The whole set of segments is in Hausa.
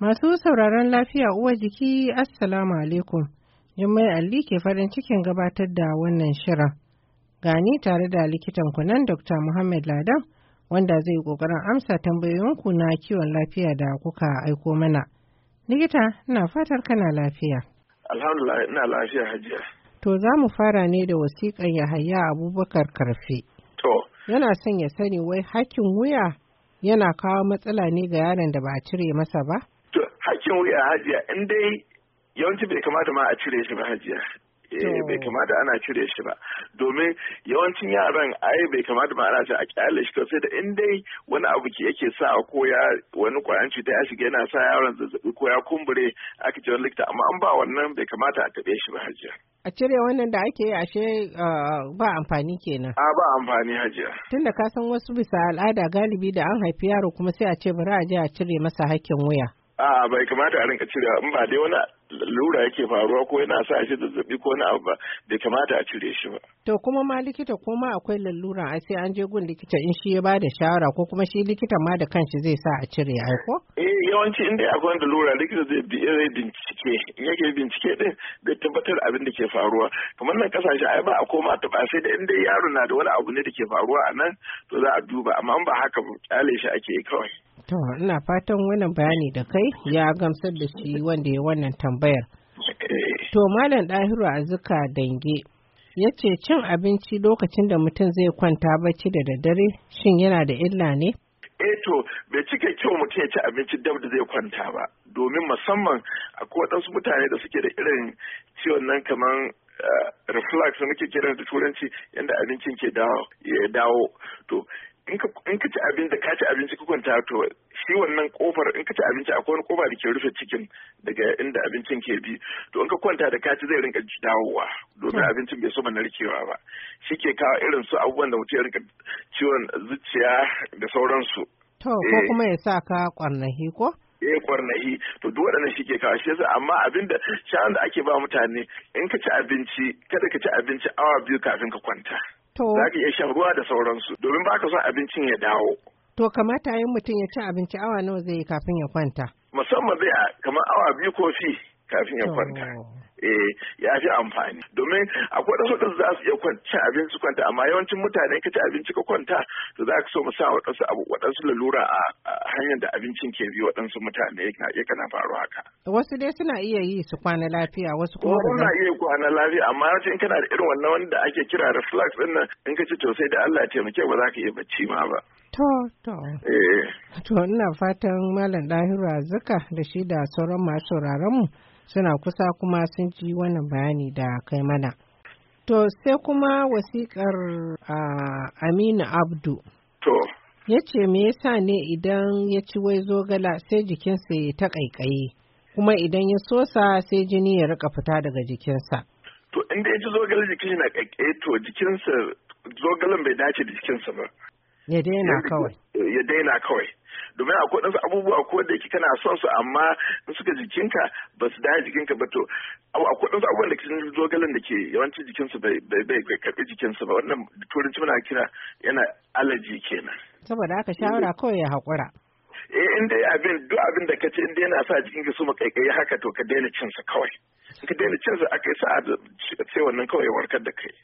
Masu sauraron lafiya uwa jiki Assalamu alaikum. Jummai Alli ke farin cikin gabatar da wannan shira Gani tare da likitan kunan Dr. Muhammad Ladan wanda zai yi kokarin amsa ku na kiwon lafiya da kuka aiko mana. Likita, ina fatar kana lafiya. Alhamdulillah ina lafiya hajiya. To za mu fara ne da wasiƙar Yahaya Abubakar Karfe. To. Yana son ya sani wai hakkin wuya yana kawo matsala ne ga yaron da ba a cire masa ba? To, hakkin wuya hajiya in dai yawanci bai kamata ma a cire shi ba hajiya. Eh, bai kamata ana cire shi ba domin yawancin yaran ai bai kamata ba ana ce a kyale shi sai da in dai wani abu yake sa ko ya wani kwayan cuta ya shiga yana sa yaron zazzabi ko ya kumbure aka ce wani likita amma an ba wannan bai kamata a taɓe shi ba hajiya. a cire wannan da ake yi ashe ah, ba amfani kenan. a ba amfani hajiya. tunda ka san wasu bisa al'ada galibi da an haifi yaro kuma sai a ce bari a je a cire masa hakkin wuya. a bai kamata a rinka cire in ba dai wani lura yake faruwa ko yana sa shi zazzabi ko na abu ba bai kamata a cire shi ba. To kuma ma likita ko ma akwai lalura a sai an je gun likita in shi ya bada shawara ko kuma shi likita ma da kanshi zai sa a cire ai ko? Eh yawanci inda ya akwai lalura likita zai zai bincike in yake bincike din zai tabbatar abin da ke faruwa kamar nan kasashe ai ba a koma ta ba sai da inda yaro na da wani abu ne da ke faruwa a nan to za a duba amma ba haka ba kyale shi ake kawai. To, ina fatan wannan bayani da kai ya gamsar da shi wanda ya wannan tambayar. To, Malam Ɗahiru zuka Dange ya ce cin abinci lokacin da mutum zai kwanta bacci da daddare shin yana da illa ne? eh to bai cika kyau mutum ya ci abinci dab da zai kwanta ba domin musamman akwai waɗansu mutane da suke da irin ciwon nan kamar eh, reflux da muke kiran da turanci yadda abincin ke dawo to in ka ci abinci ka ci abinci ka kwanta to shi wannan kofar in ka ci abinci akwai wani kofa da ke rufe cikin daga inda abincin ke bi to in ka kwanta da ka ci zai rinka dawowa domin hmm. abincin bai so narkewa ba shi ke kawo irin su abubuwan da mutum ya rinka ciwon zuciya da sauransu. To ko eh. kuma ya sa ka kwarnahi ko? eh kwarnahi to duk waɗannan shi ke kawo shi yasa amma da sha'an da ake ba mutane in ka ci abinci kada ka ci abinci awa biyu kafin ka kwanta. To. Za ka iya shan ruwa da sauransu domin ba ka son abincin ya dawo. To kamata yin mutum ya ci abinci awa nawa zai yi kafin ya kwanta. Musamman zai kamar awa biyu ko fi kafin ya kwanta eh ya fi amfani domin akwai da wadansu za su iya cin abinci kwanta amma yawancin mutane ka ci abinci ka kwanta to za ka so mu sa wadansu abu wadansu lalura a hanyar da abincin ke bi wadansu mutane ya kana faru haka wasu dai suna iya yi su kwana lafiya wasu kuma Wasu suna iya kwana lafiya amma yawancin kana da irin wannan wanda ake kira reflux ɗin nan in ka ci to sai da Allah ya taimake ba za ka iya bacci ma ba To, to. Eh. To, ina fatan Malam Dahiru zuka da shi da sauran masu mu suna kusa kuma sun ji wannan bayani da kai mana. To, sai kuma wasiƙar Aminu Abdu. To. Ya ce me yasa ne idan ya ci wai zogala sai jikinsa ya ta ƙaiƙayi, kuma idan ya sosa sai jini ya rika fita daga jikinsa. To, inda ya ci zogala jikin na ƙaiƙayi to jikinsa zogalan bai dace da jikinsa ba. ya daina kawai ya daina kawai domin akwai ɗansu abubuwa ko da yake kana son su amma in suka jikinka ba su daya jikinka ba to akwai ɗansu abubuwan da cikin dogalan da ke yawancin jikinsu bai karɓi jikinsu ba wannan turanci muna kira yana alaji kenan saboda haka shawara eh. kawai ya haƙura eh in dai abin duk abin da kace in dai yana sa jikinka su makaikai haka to ka daina su kawai in ka daina cinsa akai sa'a da sai wannan kawai warkar da kai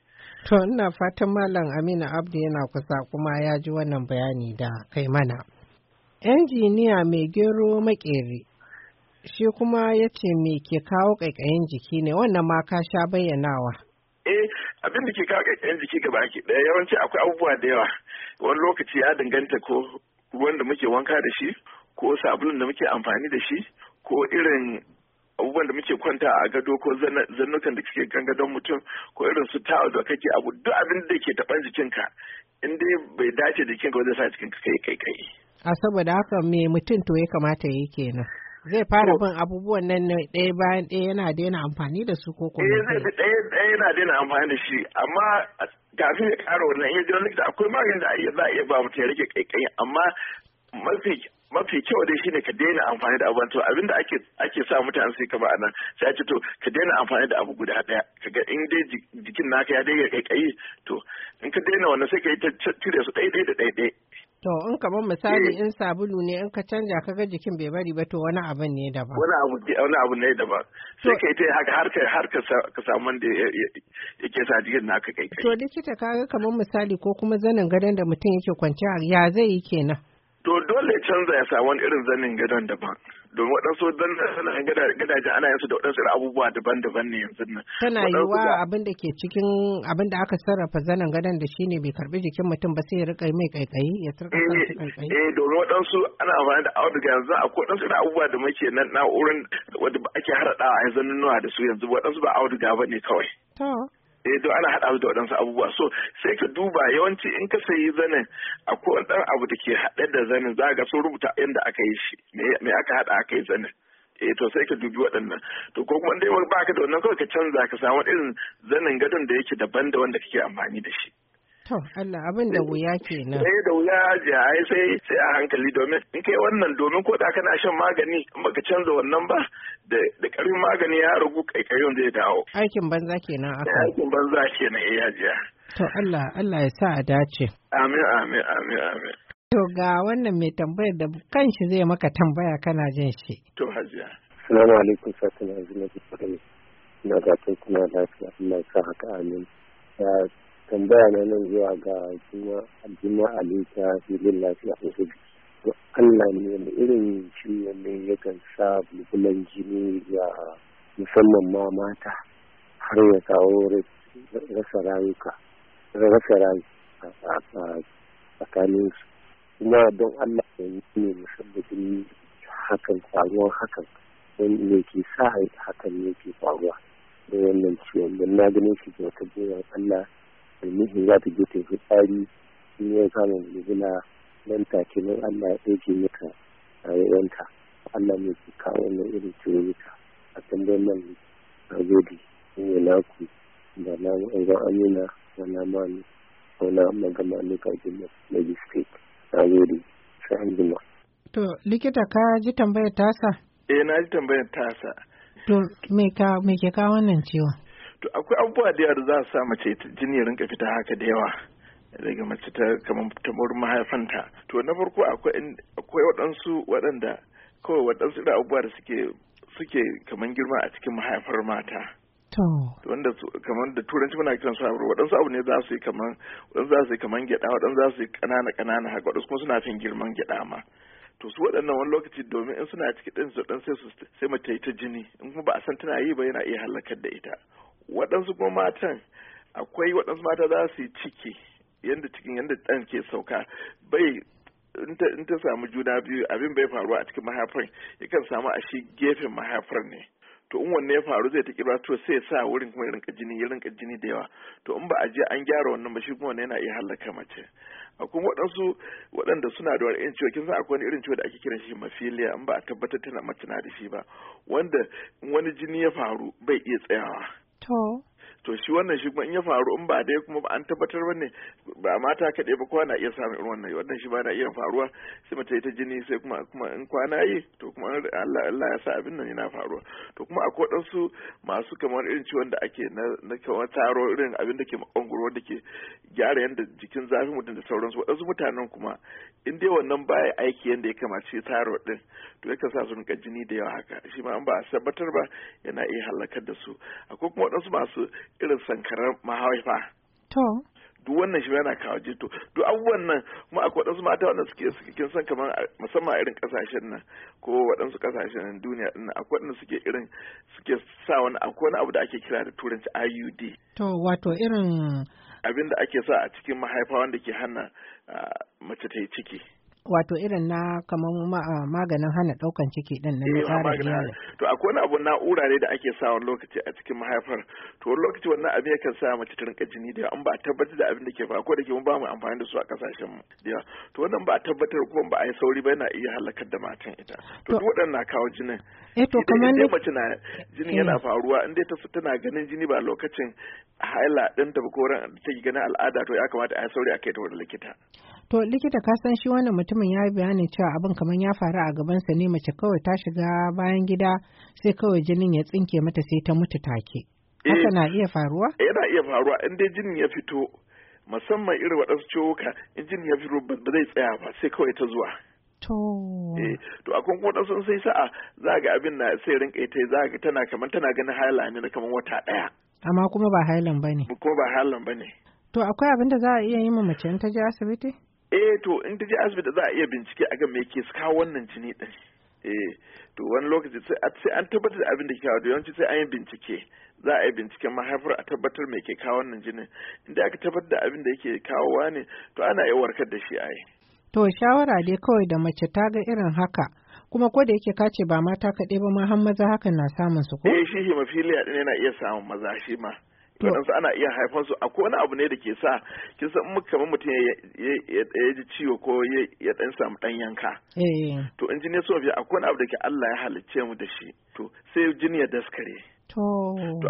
To ina fatan Malam Aminu Abdu yana kusa kuma ya ji wannan bayani da kai mana. Injiniya mai gero makeri shi kuma ya ce me ke kawo ƙaiƙayin jiki ne wannan ma ka sha bayyanawa. Eh abin da ke kawo ƙaiƙayin jiki gaba ɗaya yawanci akwai abubuwa da yawa wani lokaci ya danganta ko ruwan da muke wanka da shi ko sabulun da muke amfani da shi ko irin abubuwan da muke kwanta a gado ko zannukan da suke kan gadon mutum ko irin su tawa da kake abu duk abin da ke taban jikinka in dai bai dace jikinka wajen sa jikinka kai kai kai a saboda haka me mutum to ya kamata yi kenan zai fara bin abubuwan nan ne ɗaya bayan ɗaya yana daina amfani da su ko kuma eh zai ɗaya ɗaya yana daina amfani da shi amma kafin ya ƙara wannan in ya ji likita akwai maganin da za a iya ba mutum ya rage kai kai amma mafi mafi kyau dai shine ka daina amfani da abubuwan to abinda ake ake sa mutane su kamar anan sai a ce to ka daina amfani da abu guda daya kaga in dai jikin naka ya daina kaikayi to in ka daina wannan sai ka yi cire su daidai da daidai. To in kamar misali eh. in sabulu ne in ka canja kaga jikin bai bari ba to wani abin ne daban. Wani abu wani abu ne daban. Sai yi ta haka har ka har ka samu wanda yake sa jikin naka kai. To likita kaga kamar misali ko kuma zanin gadon da mutum yake kwanciya ya zai yi kenan. to dole ya canza ya sa wani irin zanin gadon daban domin waɗansu zanen gadaje ana yin su da waɗansu abubuwa daban-daban ne yanzu nan. Tana yiwa abin da ke cikin abin da aka sarrafa zanen gadon da shine bai karbi jikin mutum ba sai ya rika mai kaikayi ya sarrafa kansa kaikayi. Eh, eh domin waɗansu ana amfani da auduga yanzu akwai waɗansu irin abubuwa da muke nan na'urar wadda ake haradawa a yanzu nuna da su yanzu waɗansu ba auduga ba ne kawai. eh don ana haɗa da waɗansu abubuwa so sai ka duba yawanci in ka sayi zanin akwai ɗan abu da ke haɗe da zanin za ga sun rubuta inda aka yi shi me aka haɗa aka yi zanin eh to sai ka dubi waɗannan to ko kuma dai ba ka da wannan kawai ka canza ka samu irin zanin gadon da yake daban da wanda kake amfani da shi To Allah abin da wuya kenan. Sai eh, da wuya ji ai sai sai a hankali domin in kai wannan domin ko da kana shan magani baka canza wannan ba da da karin magani ya rugu kaikayon zai dawo. Aikin banza kenan aka. Aikin banza kenan eh hajiya. To Allah Allah ya sa a dace. Amin amin amin amin. To ga wannan mai tambayar da kanshi zai maka tambaya kana jin shi. To hajiya. Assalamu alaikum sakin azumi da ga kuna lafiya Allah ya sa haka amin. tambaya na nan zuwa ga juma ali ta filin lafiya asibiti to allah ne wani irin ciwo ne yakan sa bulbulan jini ya musamman ma mata har ya kawo rasa rayuka rasa rayuka a tsakanin su kuma don allah ne ne musabbatin hakan faruwar hakan ne ke sa hakan ne ke faruwa da wannan ciwon don na ganin shi kyautar allah almihi za ta je fitsari in ya samu mulmula nan take nan Allah ya ɗauke maka rayuwanka Allah ne ke kawo na irin ciruruka a tambayar nan na gode in yi naku da na ɗan amina da na mani ko na magana ne ka na magistrate na gode sai jima. To likita ka ji tambayar tasa? Eh na ji tambayar tasa. To me ke kawo wannan ciwon? to akwai abubuwa da yawa za sa mace jini ya rinka fita haka da yawa daga mace ta kamar ta mahaifanta to na farko akwai waɗansu waɗanda kawai waɗansu da abubuwa da suke suke kamar girma a cikin mahaifar mata wanda kamar da turanci muna kiran su waɗansu abu ne za su yi kamar waɗansu za su yi kamar gyaɗa waɗansu za su yi ƙanana ƙanana haka waɗansu kuma suna fin girman gyaɗa ma to su waɗannan wani lokaci domin in suna ciki ɗin su ɗan sai su sai mace ta jini in kuma ba a san tana yi ba yana iya halakar da ita waɗansu kuma matan akwai waɗansu mata za su yi ciki yadda cikin yadda ɗan ke sauka bai in ta samu juna biyu abin bai faruwa a cikin mahaifar yakan samu a shi gefen mahaifar ne to in wanne ya faru zai ta kirba to sai sa wurin kuma rinka jini ya rinka jini da yawa to in ba a je an gyara wannan ba shi kuma wannan yana iya halaka mace akwai waɗansu waɗanda suna da wani irin ciwo kin san akwai wani irin ciwo da ake kiran shi mafiliya in ba a tabbatar tana mace na da shi ba wanda wani jini ya faru bai iya tsayawa 头。to shi wannan shi kuma in ya faru in ba dai kuma ba an tabbatar ba ne ba mata kaɗai ba kuma na iya samun irin wannan wannan shi ba na iya faruwa sai mace ta jini sai kuma kuma in kwana yi to kuma Allah ya sa abin nan yana faruwa to kuma akwai su masu kamar irin ciwon da ake na na kamar taro irin abin da ke makongoro da ke gyara yanda jikin zafi mutum da sauransu waɗansu mutanen kuma in dai wannan baya aiki yanda ya kamace taro din to yakan sa su rinka jini da yawa haka shi ma an ba a tabbatar ba yana iya halakar da su akwai kuma waɗansu masu irin sankarar mahaifa to duk wannan shi yana kawo jito duk abubuwan nan kuma akwai waɗansu mata wanda suke suke kin san kamar musamman a irin kasashen nan ko waɗansu kasashen duniya din akwai waɗanda suke irin suke sa wani akwai wani abu da ake kira da turanci IUD to wato irin abin da ake sa a cikin mahaifa wanda ke hana ah, mace ta yi ciki wato irin na kamar ah, maganin hana daukan ciki din na eh, tsara iyali to akwai wani abu na'ura ne da ake sawa lokaci a cikin mahaifar to wani lokaci wannan abin yakan sa mace ta rinka jini da an ba a tabbatar da abin da ke faruwa ko da ke mun ba mu amfani da su a kasashen mu da to wannan ba tabbatar ko ba a yi sauri ba yana iya halakar da matan ita to duk waɗannan kawo jinin eh to kamar ne mace na jini eh. yana faruwa in dai ta tana ganin jini ba lokacin haila ɗinta ba ko ran take ganin al'ada to ya kamata a yi sauri a kai ta wurin likita To likita ka san shi wannan mutumin ya yi cewa abin kamar ya faru a gabansa ne mace kawai ta shiga bayan gida sai kawai jinin ya tsinke mata sai ta mutu take. Eh, Haka na iya faruwa? Eh, yana iya faruwa in dai jinin ya fito musamman irin waɗansu ciwuka in jinin ya fito ba zai tsaya ba sai kawai ta zuwa. To. Eh, to a kun kuma sun sai sa'a za ga abin na sai rinka ita za ga tana kamar tana ganin haila ne na kamar wata ɗaya. Amma kuma ba hailan ba ne. Kuma ba hailan ba ne. To akwai abin da za a iya yi ma mace in ta je asibiti? eh to in ta je asibiti za a iya bincike a ga me ke kawo wannan jini din eh to wani lokaci sai an tabbatar da abin da ke kawo da yawanci sai an yi bincike za a yi binciken mahaifar a tabbatar me ke kawo wannan In da aka tabbatar da abin da yake kawowa ne to ana iya warkar da shi a yi to shawara dai kawai da mace ta ga irin haka kuma ko da yake ka ce ba mata kaɗai ba ma har maza hakan na samun su ko eh shi hemophilia din yana iya samun maza shi ma waɗansu ana iya haifan su akwai wani abu ne da ke sa kin san muka kamar mutum ya ji ciwo ko ya dan samu dan yanka eh, eh. to in jini ya so akwai wani abu da ke Allah ya halicce mu da shi to sai jini ya daskare To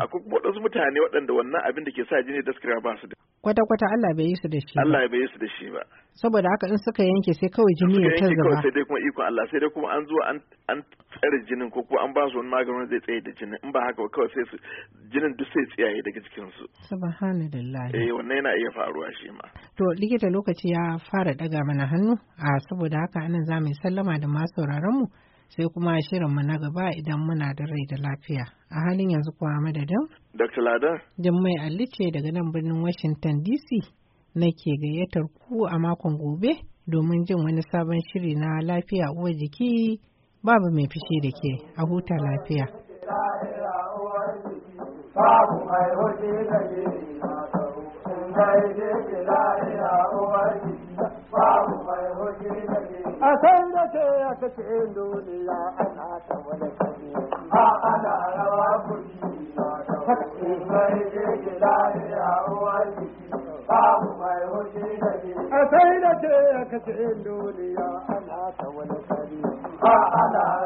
akwai kuma waɗansu mutane waɗanda wannan abin da ke sa jini daskira ba su da. Kwata-kwata Allah bai yi su da shi ba. Allah bai yi su da shi ba. Saboda haka in suka yanke sai kawai jini ya ta kawai Sai dai kuma ikon Allah sai dai kuma an zo an tsare jinin ko kuma an ba su wani maganin zai tsaye da jinin in ba haka ba kawai sai su jinin duk sai tsiyaye daga cikin su. Subhanallah. Eh wannan yana iya faruwa shi ma. To likita lokaci ya fara daga mana hannu a saboda haka anan za mu sallama da masu sauraron mu. sai kuma shirinmu na gaba idan muna da rai da lafiya. A halin yanzu kuwa madadin? Dr. Ladan. Jummai mai ce daga nan birnin Washington DC nake gayyatar ku a makon gobe domin jin wani sabon shiri na lafiya uwa jiki babu mai fishi da ke a huta lafiya. Babu mai hoji da ke babu mai hoji a san ce duniya ana ta wani kare a ana rawa kuri na ta wani mai jirgi lafiya uwa jiki babu mai hoji da ke a san da ce duniya ana ta wani kare a ana